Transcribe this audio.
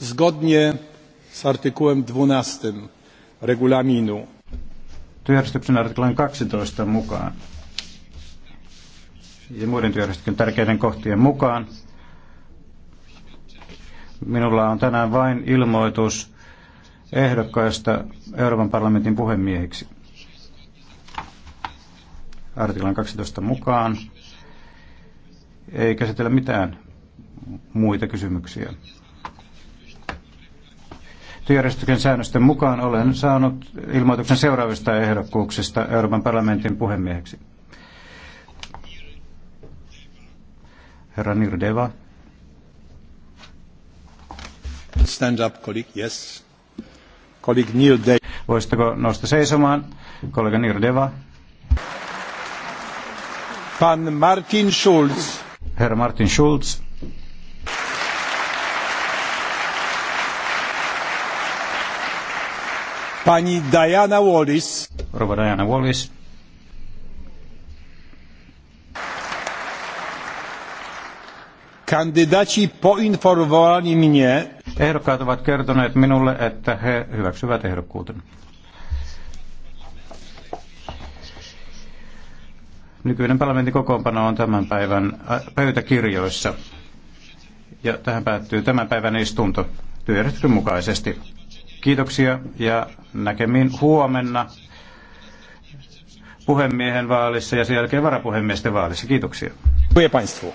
Zgodnie z artykułem 12 regulaminu. Työjärjestyksen artiklan 12 mukaan ja muiden työjärjestyksen tärkeiden kohtien mukaan minulla on tänään vain ilmoitus ehdokkaista Euroopan parlamentin puhemiehiksi. Artiklan 12 mukaan ei käsitellä mitään muita kysymyksiä työjärjestyksen säännösten mukaan olen saanut ilmoituksen seuraavista ehdokkuuksista Euroopan parlamentin puhemieheksi. Herra Nirdeva. Stand up, colleague. Yes. Colleague Nirdeva. Voisitteko nousta seisomaan? Kollega Nirdeva. Pan Martin Schulz. Herra Martin Schulz. Pani Diana Wallis. Rouva Diana Wallis. Kandidaci poinformowali mnie. Ehdokkaat ovat kertoneet minulle, että he hyväksyvät ehdokkuuteni. Nykyinen parlamentin kokoonpano on tämän päivän äh, pöytäkirjoissa. Ja tähän päättyy tämän päivän istunto työjärjestyksen mukaisesti. Kiitoksia ja näkemiin huomenna puhemiehen vaalissa ja sen jälkeen varapuhemiesten vaalissa. Kiitoksia. Dziękuję Państwu.